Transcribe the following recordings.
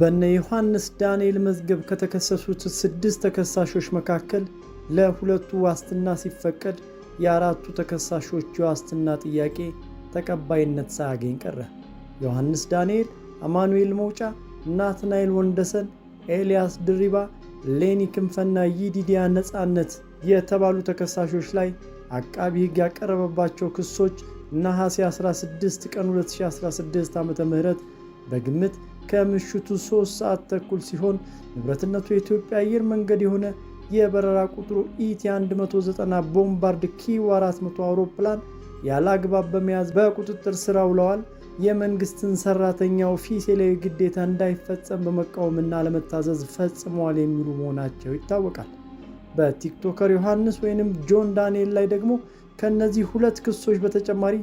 በነ ዮሐንስ ዳንኤል መዝገብ ከተከሰሱት ስድስት ተከሳሾች መካከል ለሁለቱ ዋስትና ሲፈቀድ የአራቱ ተከሳሾች የዋስትና ጥያቄ ተቀባይነት ሳያገኝ ቀረ። ዮሐንስ ዳንኤል፣ አማኑኤል መውጫ፣ ናትናኤል ወንደሰን፣ ኤልያስ ድሪባ፣ ሌኒ ክንፈና ይዲዲያ ነፃነት የተባሉ ተከሳሾች ላይ አቃቢ ሕግ ያቀረበባቸው ክሶች ነሐሴ 16 ቀን 2016 ም በግምት ከምሽቱ ሶስት ሰዓት ተኩል ሲሆን ንብረትነቱ የኢትዮጵያ አየር መንገድ የሆነ የበረራ ቁጥሩ ኢቲ 190 ቦምባርድ ኪው 400 አውሮፕላን ያለ አግባብ በመያዝ በቁጥጥር ስር ውለዋል። የመንግስትን ሰራተኛው ፊሴላዊ ግዴታ እንዳይፈጸም በመቃወምና ለመታዘዝ ፈጽመዋል የሚሉ መሆናቸው ይታወቃል። በቲክቶከር ዮሐንስ ወይንም ጆን ዳንኤል ላይ ደግሞ ከእነዚህ ሁለት ክሶች በተጨማሪ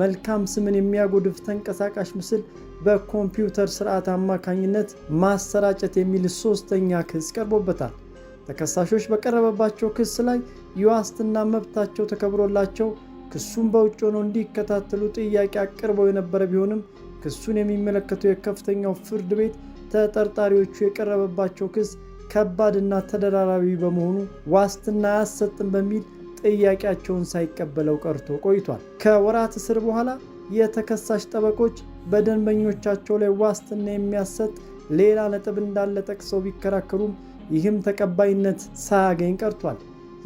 መልካም ስምን የሚያጎድፍ ተንቀሳቃሽ ምስል በኮምፒውተር ስርዓት አማካኝነት ማሰራጨት የሚል ሶስተኛ ክስ ቀርቦበታል። ተከሳሾች በቀረበባቸው ክስ ላይ የዋስትና መብታቸው ተከብሮላቸው ክሱን በውጭ ሆነው እንዲከታተሉ ጥያቄ አቅርበው የነበረ ቢሆንም ክሱን የሚመለከተው የከፍተኛው ፍርድ ቤት ተጠርጣሪዎቹ የቀረበባቸው ክስ ከባድና ተደራራቢ በመሆኑ ዋስትና አያሰጥም በሚል ጥያቄያቸውን ሳይቀበለው ቀርቶ ቆይቷል። ከወራት እስር በኋላ የተከሳሽ ጠበቆች በደንበኞቻቸው ላይ ዋስትና የሚያሰጥ ሌላ ነጥብ እንዳለ ጠቅሰው ቢከራከሩም ይህም ተቀባይነት ሳያገኝ ቀርቷል።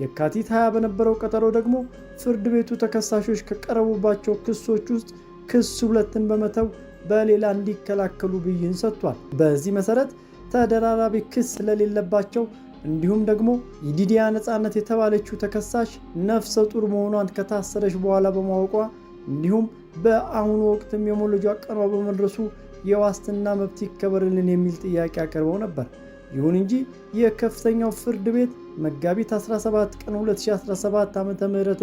የካቲት 20 በነበረው ቀጠሮ ደግሞ ፍርድ ቤቱ ተከሳሾች ከቀረቡባቸው ክሶች ውስጥ ክስ ሁለትን በመተው በሌላ እንዲከላከሉ ብይን ሰጥቷል። በዚህ መሰረት ተደራራቢ ክስ ስለሌለባቸው እንዲሁም ደግሞ ይዲዲያ ነፃነት የተባለችው ተከሳሽ ነፍሰ ጡር መሆኗን ከታሰረች በኋላ በማወቋ እንዲሁም በአሁኑ ወቅትም የሞለጇ ቀኗ በመድረሱ የዋስትና መብት ይከበርልን የሚል ጥያቄ አቅርበው ነበር። ይሁን እንጂ የከፍተኛው ፍርድ ቤት መጋቢት 17 ቀን 2017 ዓ ም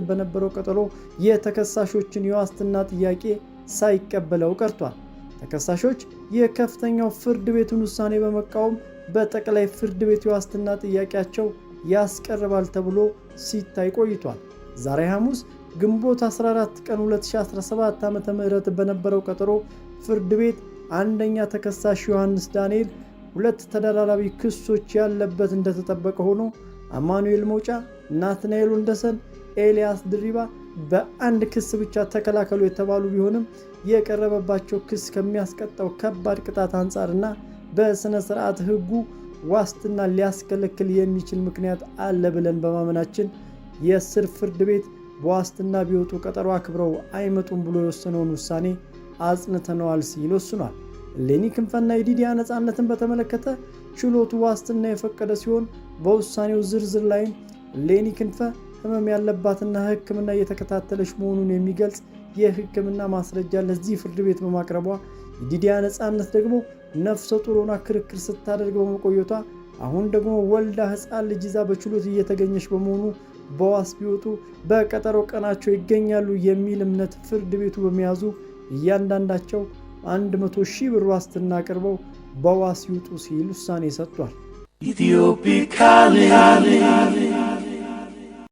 በነበረው ቀጠሮ የተከሳሾችን የዋስትና ጥያቄ ሳይቀበለው ቀርቷል። ተከሳሾች የከፍተኛው ፍርድ ቤቱን ውሳኔ በመቃወም በጠቅላይ ፍርድ ቤት የዋስትና ጥያቄያቸው ያስቀርባል ተብሎ ሲታይ ቆይቷል። ዛሬ ሐሙስ ግንቦት 14 ቀን 2017 ዓ ም በነበረው ቀጠሮ ፍርድ ቤት አንደኛ ተከሳሽ ዮሐንስ ዳንኤል ሁለት ተደራራቢ ክሶች ያለበት እንደተጠበቀ ሆኖ አማኑኤል መውጫ፣ ናትናኤል ወንደሰን፣ ኤልያስ ድሪባ በአንድ ክስ ብቻ ተከላከሉ የተባሉ ቢሆንም የቀረበባቸው ክስ ከሚያስቀጣው ከባድ ቅጣት አንጻርና በስነ ስርዓት ህጉ ዋስትና ሊያስከለክል የሚችል ምክንያት አለ ብለን በማመናችን የስር ፍርድ ቤት በዋስትና ቢወጡ ቀጠሮ አክብረው አይመጡም ብሎ የወሰነውን ውሳኔ አጽንተነዋል ሲል ወስኗል። ሌኒ ክንፈና የዲዲያ ነፃነትን በተመለከተ ችሎቱ ዋስትና የፈቀደ ሲሆን በውሳኔው ዝርዝር ላይም ሌኒ ክንፈ ህመም ያለባትና ህክምና እየተከታተለች መሆኑን የሚገልጽ የህክምና ማስረጃ ለዚህ ፍርድ ቤት በማቅረቧ የዲዲያ ነፃነት ደግሞ ነፍሰ ጡር ሆና ክርክር ስታደርግ በመቆየቷ አሁን ደግሞ ወልዳ ሕፃን ልጅ ይዛ በችሎት እየተገኘች በመሆኑ በዋስ ቢወጡ በቀጠሮ ቀናቸው ይገኛሉ የሚል እምነት ፍርድ ቤቱ በመያዙ እያንዳንዳቸው 100 ሺህ ብር ዋስትና አቅርበው በዋስ ይውጡ ሲል ውሳኔ ሰጥቷል።